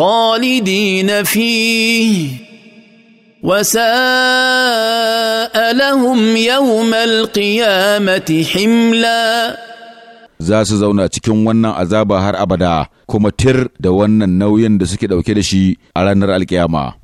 خالدين فيه وساء لهم يوم القيامة حملا za su zauna cikin wannan azaba har abada kuma tir da wannan nauyin da suke ɗauke da shi a ranar alkiyama.